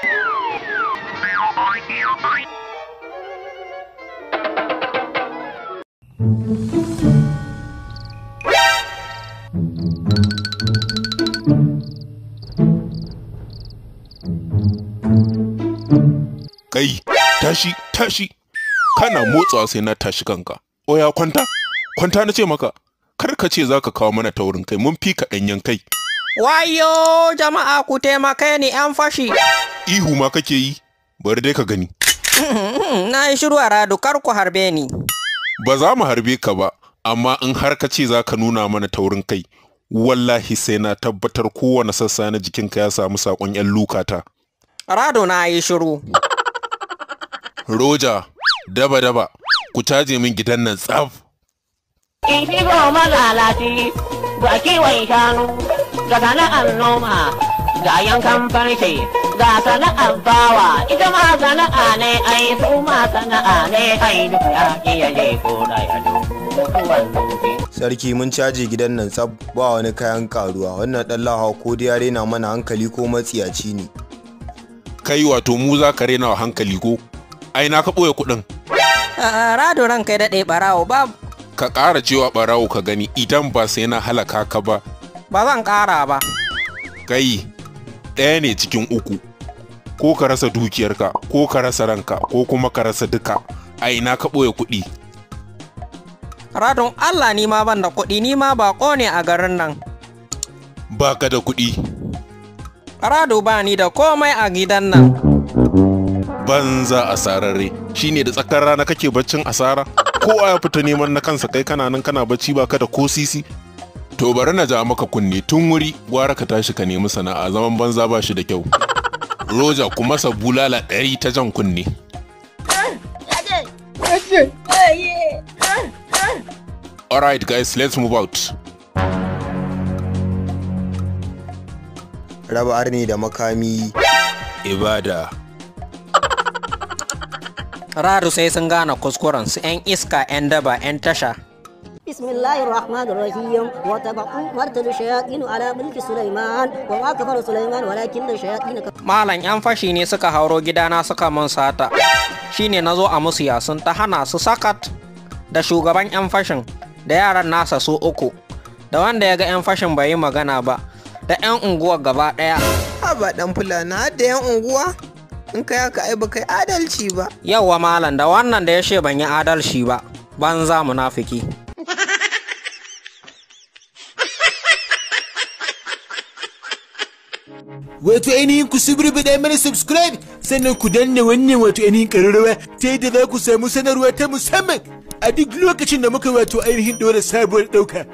Kai, tashi, tashi, kana motsawa sai na tashi kanka. Oya kwanta, kwanta na ce maka, kar ka ce za ka kawo mana taurin kai, mun fi ɗanyen kai. Wayo jama'a ku taimaka ni ‘yan fashi. Ihu ma kake yi, bari dai ka gani. Na yi shiru a radu kar ku harbe ni. Ba za mu harbe ka ba, amma in har ka ce za ka nuna mana taurin kai, wallahi sai na tabbatar kowane sassa na jikinka ya samu saƙon ‘yan lukata. Rado na yi shiru. Roja, daba-daba, ku caje min gidan nan tsaf. Kifi ba malalaci, ba kiwon shanu. ga sana'ar noma ga yankan farce ga sana'ar bawa ita ma sana'a ne ai su ma sana'a ne ai duk ya iya je ko da ya Sarki mun caji gidan nan sab ba wani kayan karuwa wannan dan lahawa ko da yare na mana hankali ko matsiyaci ne. Kai wato mu za ka rena hankali ko? Ai na ka ɓoye kuɗin. Rado ran kai daɗe ɓarawo ba. Ka ƙara cewa ɓarawo ka gani idan ba sai na halaka ka ba ba zan ƙara ba. Kai, ɗaya ne cikin uku, ko ka rasa dukiyarka, ko ka rasa ranka, ko kuma ka rasa duka, a ina ka ɓoye kuɗi. Ratun Allah ni ma ban da kuɗi ni ma baƙo ne a garin nan. Ba ka da kuɗi. Rado ba ni da komai a gidan nan. Banza asararre, shi ne da tsakar rana kake baccin asara? Kowa ya fita neman na kansa kai kana nan kana bacci ba ka da ko sisi? To bari na ja maka kunne tun wuri gwara ka tashi ka nemi sana'a zaman banza ba shi da kyau. Roja kuma sa bulala ɗari ta jan kunni. Alright guys, let's move out. Raba arni da makami. Ibada. Raru sai sun gane kuskuren su 'yan iska 'yan daba 'yan tasha. بسم الله الرحمن الرحيم وتبعوا مرت الشياطين على ملك سليمان وما كفر سليمان ولكن الشياطين مالن yan ينفشي ne suka hauro gidana suka mun sata shine nazo a musu yasun ta hana su sakat da shugaban yan fashin da yaran nasa su uku da wanda ya ga yan fashin bai yi magana ba da yan unguwa gaba daya Ba dan fulana da yan unguwa in kai aka ai baka adalci ba yauwa malam da wannan da ya ban yi adalci ba ban za munafiki wato ainihin ku bi mana subscribe sannan ku danna wannan wato ainihin kararrawa ta da za ku samu sanarwa ta musamman a duk lokacin da muka wato ainihin ɗora sabuwar ɗauka